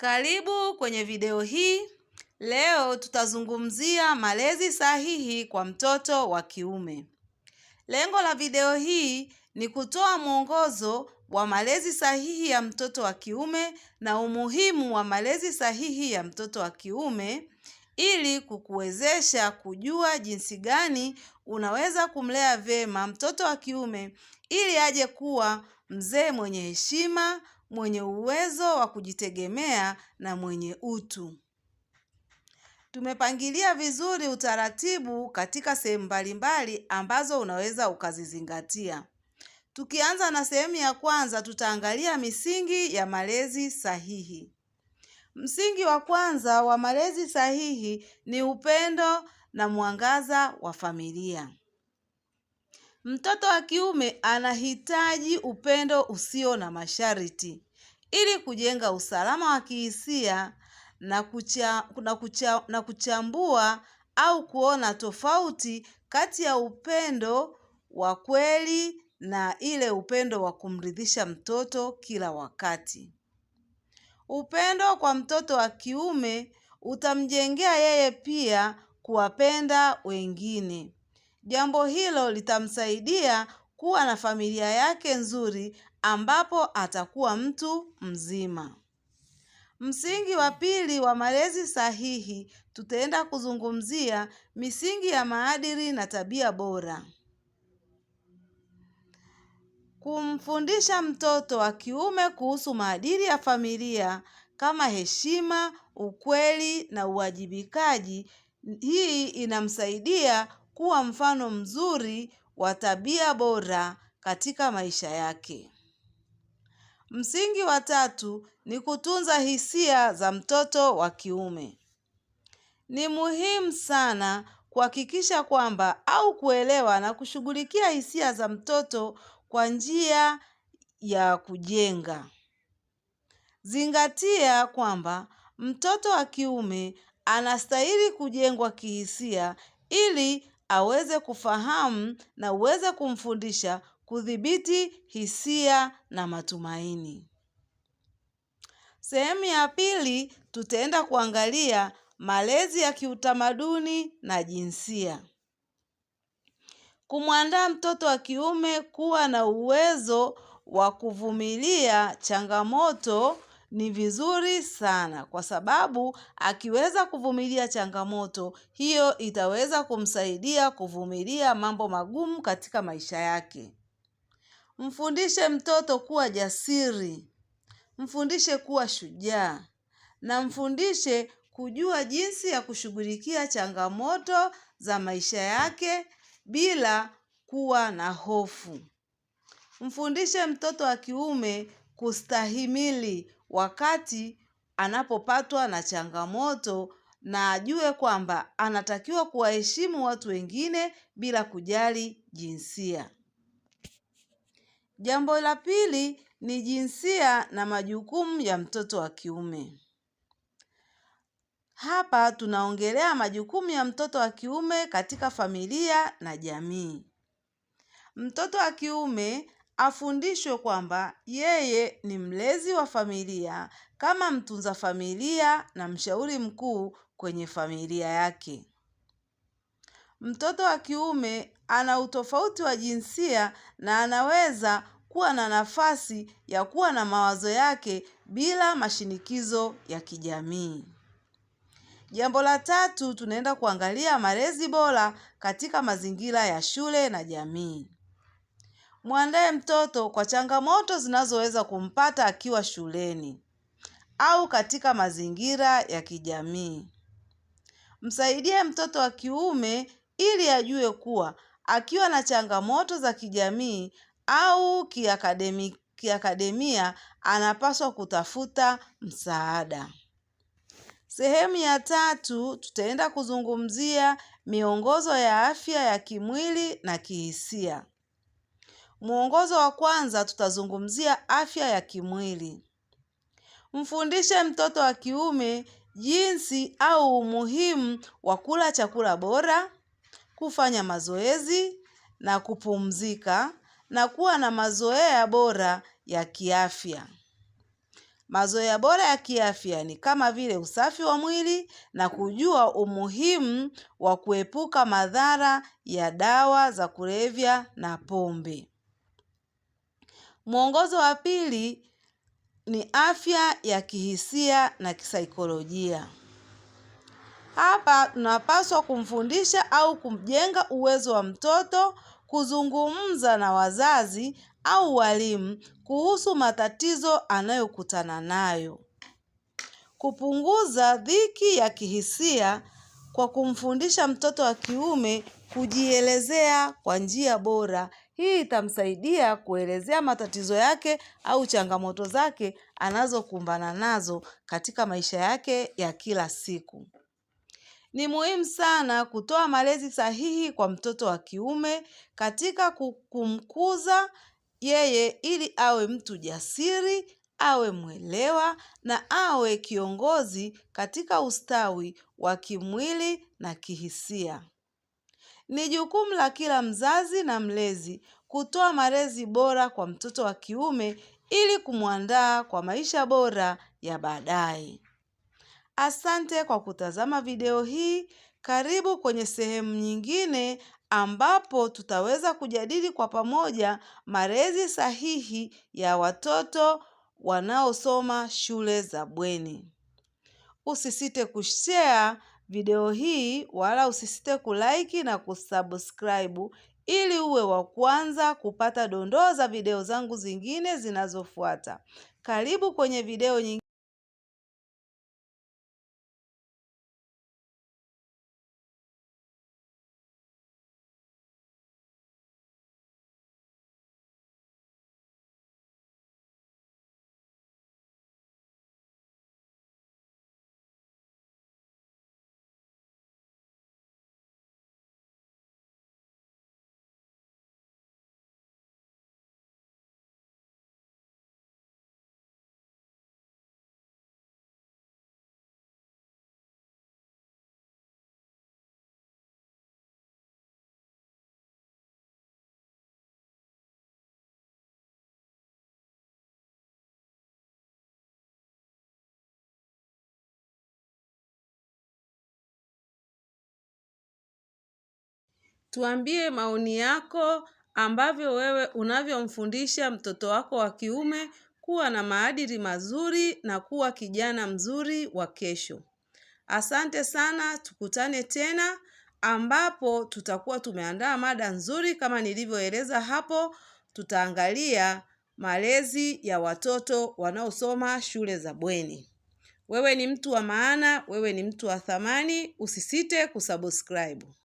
Karibu kwenye video hii. Leo tutazungumzia malezi sahihi kwa mtoto wa kiume. Lengo la video hii ni kutoa mwongozo wa malezi sahihi ya mtoto wa kiume na umuhimu wa malezi sahihi ya mtoto wa kiume ili kukuwezesha kujua jinsi gani unaweza kumlea vyema mtoto wa kiume ili aje kuwa mzee mwenye heshima, mwenye uwezo wa kujitegemea na mwenye utu. Tumepangilia vizuri utaratibu katika sehemu mbalimbali ambazo unaweza ukazizingatia. Tukianza na sehemu ya kwanza, tutaangalia misingi ya malezi sahihi. Msingi wa kwanza wa malezi sahihi ni upendo na mwangaza wa familia. Mtoto wa kiume anahitaji upendo usio na masharti ili kujenga usalama wa kihisia na, kucha, na, kucha, na kuchambua au kuona tofauti kati ya upendo wa kweli na ile upendo wa kumridhisha mtoto kila wakati. Upendo kwa mtoto wa kiume utamjengea yeye pia kuwapenda wengine. Jambo hilo litamsaidia kuwa na familia yake nzuri ambapo atakuwa mtu mzima. Msingi wa pili wa malezi sahihi, tutaenda kuzungumzia misingi ya maadili na tabia bora. Kumfundisha mtoto wa kiume kuhusu maadili ya familia kama heshima, ukweli na uwajibikaji. Hii inamsaidia kuwa mfano mzuri wa tabia bora katika maisha yake. Msingi wa tatu ni kutunza hisia za mtoto wa kiume. Ni muhimu sana kuhakikisha kwamba au kuelewa na kushughulikia hisia za mtoto kwa njia ya kujenga. Zingatia kwamba mtoto wa kiume anastahili kujengwa kihisia ili aweze kufahamu na uweze kumfundisha kudhibiti hisia na matumaini. Sehemu ya pili tutaenda kuangalia malezi ya kiutamaduni na jinsia. Kumwandaa mtoto wa kiume kuwa na uwezo wa kuvumilia changamoto ni vizuri sana kwa sababu akiweza kuvumilia changamoto hiyo itaweza kumsaidia kuvumilia mambo magumu katika maisha yake. Mfundishe mtoto kuwa jasiri, mfundishe kuwa shujaa na mfundishe kujua jinsi ya kushughulikia changamoto za maisha yake bila kuwa na hofu. Mfundishe mtoto wa kiume kustahimili wakati anapopatwa na changamoto na ajue kwamba anatakiwa kuwaheshimu watu wengine bila kujali jinsia. Jambo la pili ni jinsia na majukumu ya mtoto wa kiume. Hapa tunaongelea majukumu ya mtoto wa kiume katika familia na jamii. Mtoto wa kiume afundishwe kwamba yeye ni mlezi wa familia kama mtunza familia na mshauri mkuu kwenye familia yake. Mtoto wa kiume ana utofauti wa jinsia na anaweza kuwa na nafasi ya kuwa na mawazo yake bila mashinikizo ya kijamii. Jambo la tatu tunaenda kuangalia malezi bora katika mazingira ya shule na jamii. Mwandae mtoto kwa changamoto zinazoweza kumpata akiwa shuleni au katika mazingira ya kijamii. Msaidie mtoto wa kiume ili ajue kuwa akiwa na changamoto za kijamii au kiakademia anapaswa kutafuta msaada. Sehemu ya tatu tutaenda kuzungumzia miongozo ya afya ya kimwili na kihisia. Mwongozo wa kwanza tutazungumzia afya ya kimwili. Mfundishe mtoto wa kiume jinsi au umuhimu wa kula chakula bora, kufanya mazoezi na kupumzika na kuwa na mazoea bora ya kiafya. Mazoea bora ya kiafya ni kama vile usafi wa mwili na kujua umuhimu wa kuepuka madhara ya dawa za kulevya na pombe. Mwongozo wa pili ni afya ya kihisia na kisaikolojia. Hapa tunapaswa kumfundisha au kumjenga uwezo wa mtoto kuzungumza na wazazi au walimu kuhusu matatizo anayokutana nayo. Kupunguza dhiki ya kihisia kwa kumfundisha mtoto wa kiume kujielezea kwa njia bora. Hii itamsaidia kuelezea matatizo yake au changamoto zake anazokumbana nazo katika maisha yake ya kila siku. Ni muhimu sana kutoa malezi sahihi kwa mtoto wa kiume katika kumkuza yeye ili awe mtu jasiri, awe mwelewa na awe kiongozi katika ustawi wa kimwili na kihisia. Ni jukumu la kila mzazi na mlezi kutoa malezi bora kwa mtoto wa kiume ili kumwandaa kwa maisha bora ya baadaye. Asante kwa kutazama video hii. Karibu kwenye sehemu nyingine ambapo tutaweza kujadili kwa pamoja malezi sahihi ya watoto wanaosoma shule za bweni. Usisite kushare video hii wala usisite kulike na kusubscribe ili uwe wa kwanza kupata dondoo za video zangu zingine zinazofuata. Karibu kwenye video nyingine. Tuambie maoni yako ambavyo wewe unavyomfundisha mtoto wako wa kiume kuwa na maadili mazuri na kuwa kijana mzuri wa kesho. Asante sana, tukutane tena ambapo tutakuwa tumeandaa mada nzuri kama nilivyoeleza hapo, tutaangalia malezi ya watoto wanaosoma shule za bweni. Wewe ni mtu wa maana, wewe ni mtu wa thamani, usisite kusubscribe.